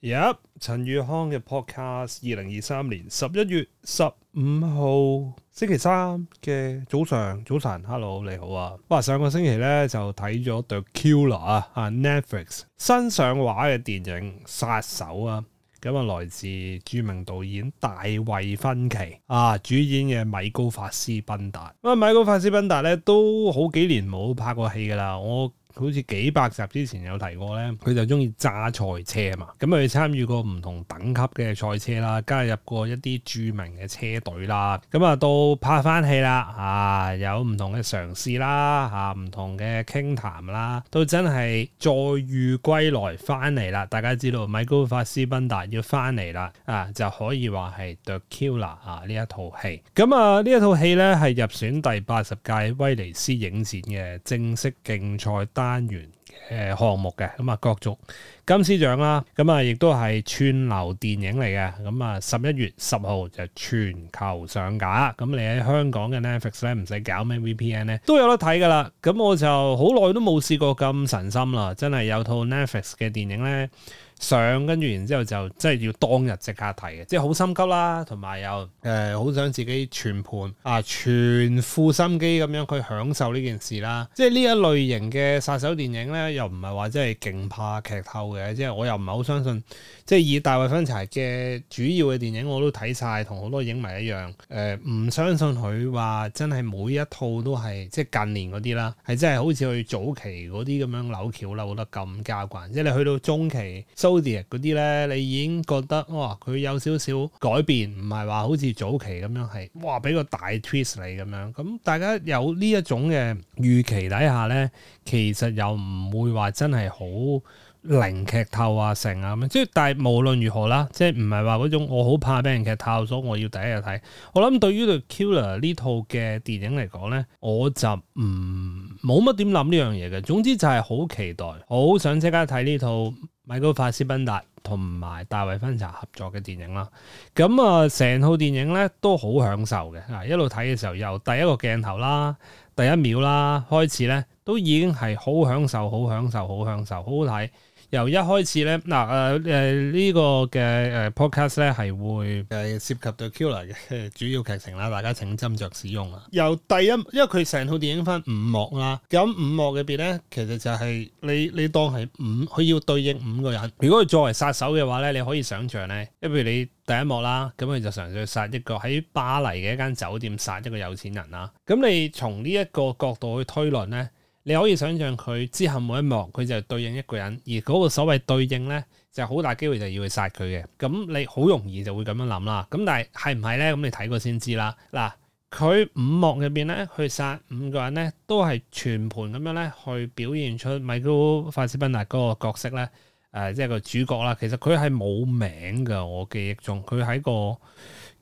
Yep，陳宇康嘅 podcast，二零二三年十一月十五號星期三嘅早上早晨，Hello 你好啊，哇上個星期咧就睇咗 The Killer 啊啊 Netflix 新上畫嘅電影殺手啊，咁啊來自著名導演大衛芬奇啊，主演嘅米高法斯賓達，咁啊米高法斯賓達咧都好幾年冇拍過戲噶啦，我。好似幾百集之前有提過咧，佢就鍾意揸賽車嘛，咁佢參與過唔同等級嘅賽車啦，加入過一啲著名嘅車隊啦，咁啊到拍翻戲啦，啊有唔同嘅嘗試啦，啊唔同嘅傾談啦，都真係再遇歸來翻嚟啦，大家知道米高法斯賓達要翻嚟啦，啊就可以話係 The Killer 啊呢一套戲，咁啊呢一套戲咧係入選第八十屆威尼斯影展嘅正式競賽單單元嘅項目嘅咁啊，角逐金獅獎啦，咁啊亦都係串流電影嚟嘅，咁啊十一月十號就全球上架，咁你喺香港嘅 Netflix 咧，唔使搞咩 VPN 咧，都有得睇噶啦，咁我就好耐都冇試過咁神心啦，真係有套 Netflix 嘅電影咧。上跟住，然之後就即係要當日即刻睇嘅，即係好心急啦，同埋又誒好、呃、想自己全盤啊全副心機咁樣去享受呢件事啦。即係呢一類型嘅殺手電影咧，又唔係話真係勁怕劇透嘅，即係我又唔係好相信。即係以大衛芬柴嘅主要嘅電影我都睇晒，同好多影迷一樣誒，唔、呃、相信佢話真係每一套都係即係近年嗰啲啦，係真係好似佢早期嗰啲咁樣扭橋扭得咁加慣。即係你去到中期。嗰啲咧，你已經覺得哇，佢有少少改變，唔係話好似早期咁樣係哇，俾個大 twist 你咁樣。咁、嗯、大家有呢一種嘅預期底下咧，其實又唔會話真係好零劇透啊，成啊咁樣。即係但係無論如何啦，即係唔係話嗰種我好怕俾人劇透咗，我要第一日睇。我諗對於《The Killer》呢套嘅電影嚟講咧，我就唔冇乜點諗呢樣嘢嘅。總之就係好期待，好想即刻睇呢套。米高法斯賓達同埋大衛芬奇合作嘅電影啦，咁啊成套電影咧都好享受嘅。嗱一路睇嘅時候由第一個鏡頭啦，第一秒啦開始咧，都已經係好享受、好享受、好享受，好好睇。由一開始咧，嗱誒誒呢個嘅誒、呃、podcast 咧是係會誒涉及到 Killer 嘅主要劇情啦，大家請斟酌使用啊。由第一，因為佢成套電影分五幕啦，咁五幕入邊咧，其實就係你你當係五，佢要對應五個人。如果佢作為殺手嘅話咧，你可以想象咧，一譬如你第一幕啦，咁佢就常常去殺一個喺巴黎嘅一間酒店殺一個有錢人啦。咁你從呢一個角度去推論咧。你可以想象佢之後每一幕佢就對應一個人，而嗰個所謂對應咧，就好大機會就要去殺佢嘅。咁你好容易就會咁樣諗啦。咁但係係唔係咧？咁你睇過先知啦。嗱，佢五幕入邊咧，去殺五個人咧，都係全盤咁樣咧去表現出米高法斯賓達嗰個角色咧。誒、呃，即係個主角啦。其實佢係冇名㗎。我記憶中，佢喺個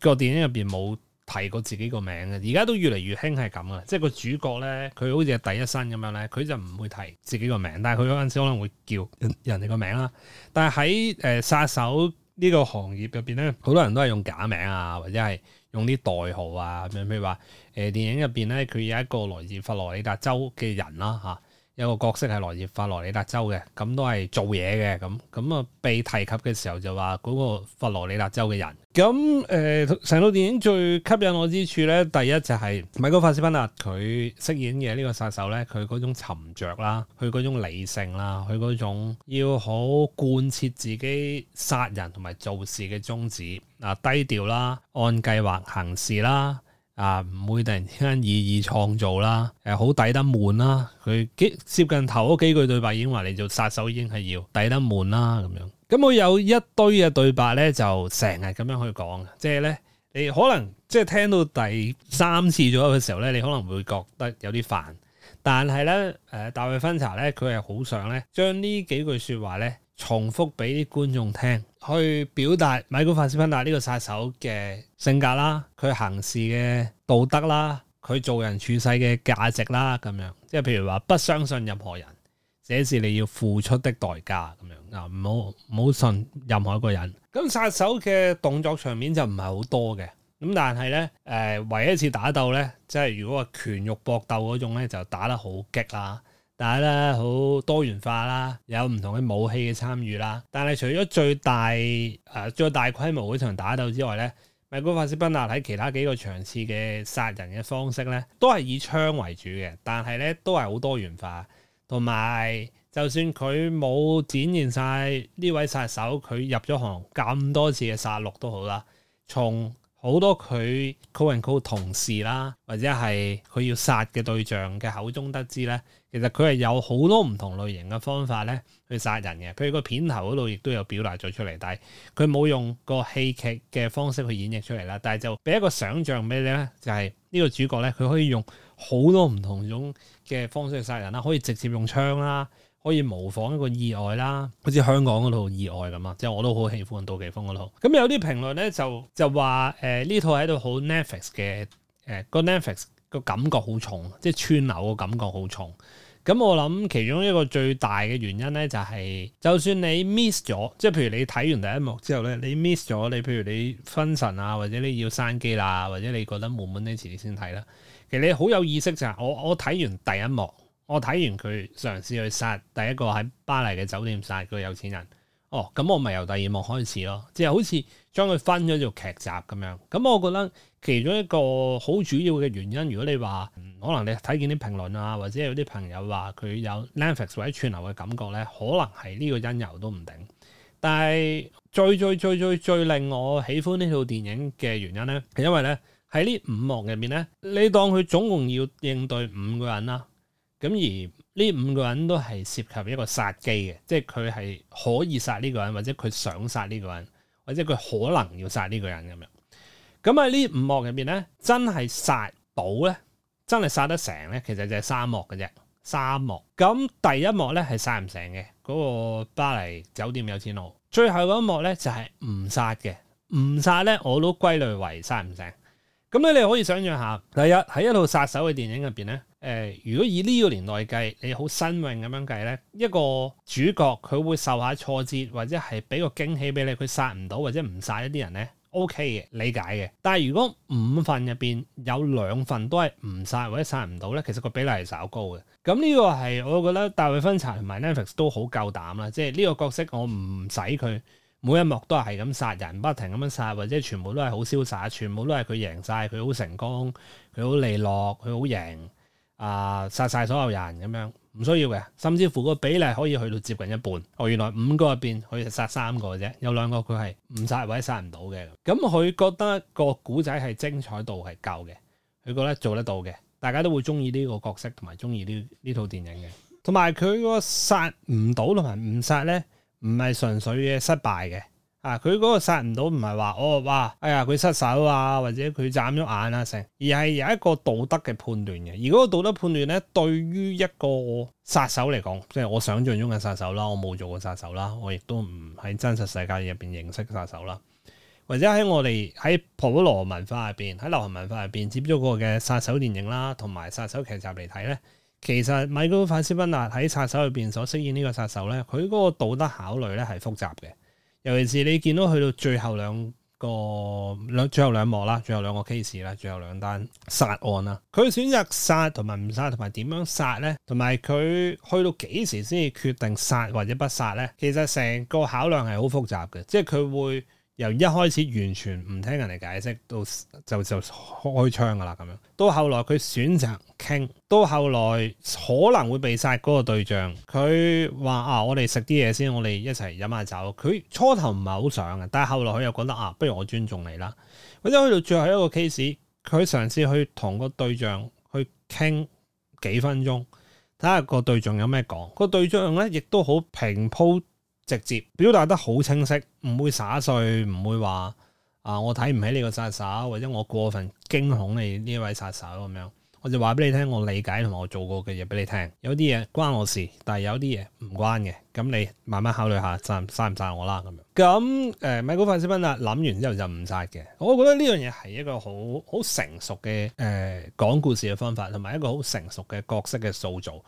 個電影入邊冇，提過自己個名嘅，而家都越嚟越興係咁嘅，即係個主角咧，佢好似係第一身咁樣咧，佢就唔會提自己個名，但係佢嗰陣時可能會叫人哋個名啦。但係喺誒殺手呢個行業入邊咧，好多人都係用假名啊，或者係用啲代號啊咁樣，譬如話誒、呃、電影入邊咧，佢有一個來自佛羅里達州嘅人啦嚇。啊有個角色係來自佛羅里達州嘅，咁都係做嘢嘅，咁咁啊被提及嘅時候就話嗰個佛羅里達州嘅人。咁誒，成、呃、套電影最吸引我之處呢，第一就係米高法斯賓納佢飾演嘅呢個殺手呢，佢嗰種沉着啦，佢嗰種理性啦，佢嗰種要好貫徹自己殺人同埋做事嘅宗旨啊，低調啦，按計劃行事啦。啊，唔會突然之間意義創造啦，誒、呃，好抵得悶啦。佢幾接近頭嗰幾句對白已經話你做殺手已經係要抵得悶啦咁樣。咁、嗯、我有一堆嘅對白咧，就成日咁樣去講。即係咧，你可能即係聽到第三次左右嘅時候咧，你可能會覺得有啲煩。但係咧，誒、呃、大衛芬查咧，佢係好想咧將呢將幾句説話咧。重複俾啲觀眾聽，去表達米高法斯賓達呢個殺手嘅性格啦，佢行事嘅道德啦，佢做人處世嘅價值啦，咁樣即係譬如話不相信任何人，這是你要付出的代價咁樣嗱，唔好唔好信任何一個人。咁、嗯、殺手嘅動作場面就唔係好多嘅，咁但係呢，誒、呃，唯一一次打鬥呢，即係如果話拳肉搏鬥嗰種呢，就打得好激啦。但係咧，好多元化啦，有唔同嘅武器嘅參與啦。但係除咗最大誒、啊、最大規模嗰場打鬥之外咧，米高法斯賓納喺其他幾個場次嘅殺人嘅方式咧，都係以槍為主嘅。但係咧都係好多元化，同埋就算佢冇展現晒呢位殺手，佢入咗行咁多次嘅殺戮都好啦。從好多佢 call 人 call 同事啦，或者係佢要殺嘅對象嘅口中得知咧，其實佢係有好多唔同類型嘅方法咧去殺人嘅。譬如個片頭嗰度亦都有表達咗出嚟，但係佢冇用個戲劇嘅方式去演繹出嚟啦。但係就俾一個想像俾你咧，就係呢個主角咧，佢可以用好多唔同種嘅方式去殺人啦，可以直接用槍啦。可以模仿一個意外啦，好似香港嗰套意外咁啊，即係我都好喜歡杜琪峰嗰套。咁有啲評論咧就就話誒呢套喺度好 Netflix 嘅誒個、呃、Netflix 個感覺好重，即係串流個感覺好重。咁我諗其中一個最大嘅原因咧就係、是，就算你 miss 咗，即係譬如你睇完第一幕之後咧，你 miss 咗，你譬如你分神啊，或者你要閂機啦、啊，或者你覺得悶悶遲啲先睇啦。其實你好有意識就係、是、我我睇完第一幕。我睇完佢嘗試去殺第一個喺巴黎嘅酒店殺嗰個有錢人，哦，咁我咪由第二幕開始咯，即係好似將佢分咗做劇集咁樣。咁、嗯、我覺得其中一個好主要嘅原因，如果你話、嗯、可能你睇見啲評論啊，或者有啲朋友話佢有 Netflix 或者串流嘅感覺咧，可能係呢個因由都唔定。但係最，最最最最最令我喜歡呢套電影嘅原因咧，係因為咧喺呢五幕入面咧，你當佢總共要應對五個人啦。咁而呢五個人都係涉及一個殺機嘅，即係佢係可以殺呢個人，或者佢想殺呢個人，或者佢可能要殺呢個人咁樣。咁喺呢五幕入邊咧，真係殺到咧，真係殺得成咧，其實就係三幕嘅啫，三幕。咁第一幕咧係殺唔成嘅，嗰個巴黎酒店有錢佬。最後嗰一幕咧就係唔殺嘅，唔殺咧我都歸類為殺唔成。咁咧你可以想象下，第一喺一部殺手嘅電影入邊咧。誒、呃，如果以呢個年代計，你好新穎咁樣計咧，一個主角佢會受下挫折，或者係俾個驚喜俾你，佢殺唔到或者唔殺一啲人咧，OK 嘅理解嘅。但係如果五份入邊有兩份都係唔殺或者殺唔到咧，其實個比例係稍高嘅。咁呢個係我覺得大衛芬查同埋 Netflix 都好夠膽啦，即係呢個角色我唔使佢每一幕都係係咁殺人不停咁樣殺，或者全部都係好瀟灑，全部都係佢贏晒，佢好成功，佢好利落，佢好贏。啊！殺晒所有人咁樣唔需要嘅，甚至乎個比例可以去到接近一半。哦，原來五個入邊可以殺三個嘅啫，有兩個佢係唔殺或者殺唔到嘅。咁佢覺得個古仔係精彩度係夠嘅，佢覺得做得到嘅，大家都會鍾意呢個角色同埋鍾意呢呢套電影嘅。同埋佢個殺唔到同埋唔殺咧，唔係純粹嘅失敗嘅。啊！佢嗰個殺唔到，唔係話哦，哇，哎呀，佢失手啊，或者佢眨咗眼啦、啊、成，而係有一個道德嘅判斷嘅。而嗰個道德判斷咧，對於一個殺手嚟講，即係我想象中嘅殺手啦，我冇做過殺手啦，我亦都唔喺真實世界入邊認識殺手啦，或者喺我哋喺普羅文化入邊，喺流行文化入邊接觸過嘅殺手電影啦，同埋殺手劇集嚟睇咧，其實米高法斯賓納喺殺手入邊所飾演呢個殺手咧，佢嗰個道德考慮咧係複雜嘅。尤其是你見到去到最後兩個兩最後兩幕啦，最後兩個 case 啦，最後兩單殺案啦，佢選擇殺同埋唔殺同埋點樣殺咧，同埋佢去到幾時先至決定殺或者不殺咧？其實成個考量係好複雜嘅，即係佢會。由一開始完全唔聽人哋解釋，到就就開槍噶啦咁樣。到後來佢選擇傾，到後來可能會被殺嗰個對象，佢話啊，我哋食啲嘢先，我哋一齊飲下酒。佢初頭唔係好想嘅，但係後來佢又覺得啊，不如我尊重你啦。或者去到最後一個 case，佢嘗試去同個對象去傾幾分鐘，睇下個對象有咩講。個對象咧亦都好平鋪。直接表達得好清晰，唔會耍帥，唔會話啊！我睇唔起你個殺手，或者我過分驚恐你呢位殺手咁樣，我就話俾你聽，我理解同埋我做過嘅嘢俾你聽。有啲嘢關我事，但係有啲嘢唔關嘅，咁你慢慢考慮下，殺唔殺我啦咁樣。咁、嗯、誒，米高法斯賓啦，諗完之後就唔殺嘅。我覺得呢樣嘢係一個好好成熟嘅誒、呃、講故事嘅方法，同埋一個好成熟嘅角色嘅塑造。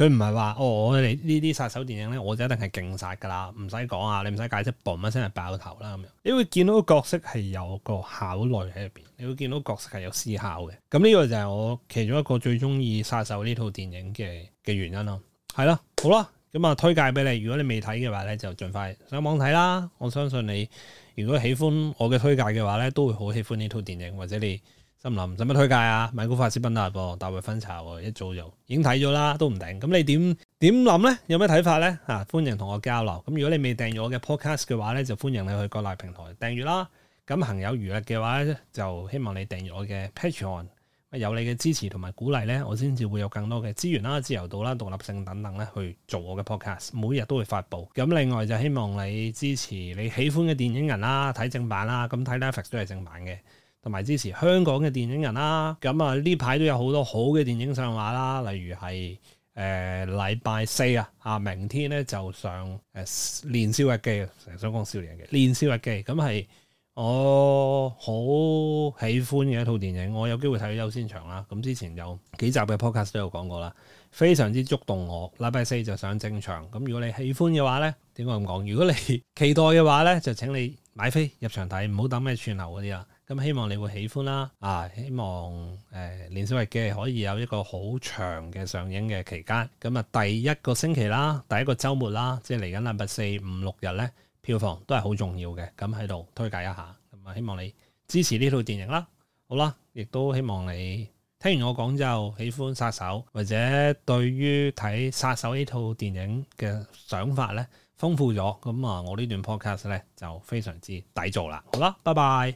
佢唔係話哦，我哋呢啲殺手電影咧，我就一定係勁殺噶啦，唔使講啊，你唔使解釋，嘣一聲係爆頭啦咁樣。你會見到個角色係有個考慮喺入邊，你會見到角色係有思考嘅。咁呢個就係我其中一個最中意殺手呢套電影嘅嘅原因咯。係咯，好啦，咁啊推介俾你。如果你未睇嘅話咧，就盡快上網睇啦。我相信你，如果喜歡我嘅推介嘅話咧，都會好喜歡呢套電影或者你心諗，使乜推介啊？米高法斯賓達噃，大衛芬查，一早就已經睇咗啦，都唔定。咁你點點諗咧？有咩睇法咧？嚇、啊，歡迎同我交流。咁如果你未訂閱我嘅 podcast 嘅話咧，就歡迎你去各大平台訂閲啦。咁行有餘力嘅話咧，就希望你訂閱我嘅 Patreon。有你嘅支持同埋鼓勵咧，我先至會有更多嘅資源啦、自由度啦、獨立性等等咧，去做我嘅 podcast。每日都會發布。咁另外就希望你支持你喜歡嘅電影人啦，睇正版啦。咁睇 Netflix 都係正版嘅。同埋支持香港嘅電影人啦，咁啊呢排都有好多好嘅電影上畫啦，例如係誒禮拜四啊，啊明天咧就上誒《年少日記》，成日想講少年嘅《年少日記》，咁係我好喜歡嘅一套電影，我有機會睇到優先場啦。咁之前有幾集嘅 podcast 都有講過啦，非常之觸動我。禮拜四就上正場，咁如果你喜歡嘅話咧，點解咁講？如果你期待嘅話咧，就請你買飛入場睇，唔好等咩串流嗰啲啊！咁希望你會喜歡啦，啊！希望誒、哎，連小翼機可以有一個好長嘅上映嘅期間。咁、嗯、啊，第一個星期啦，第一個周末啦，即係嚟緊禮拜四、五六日咧，票房都係好重要嘅。咁喺度推介一下，咁、嗯、啊，希望你支持呢套電影啦。好啦，亦都希望你聽完我講之後喜歡殺手，或者對於睇殺手呢套電影嘅想法咧豐富咗。咁啊，我呢段 podcast 咧就非常之抵做啦。好啦，拜拜。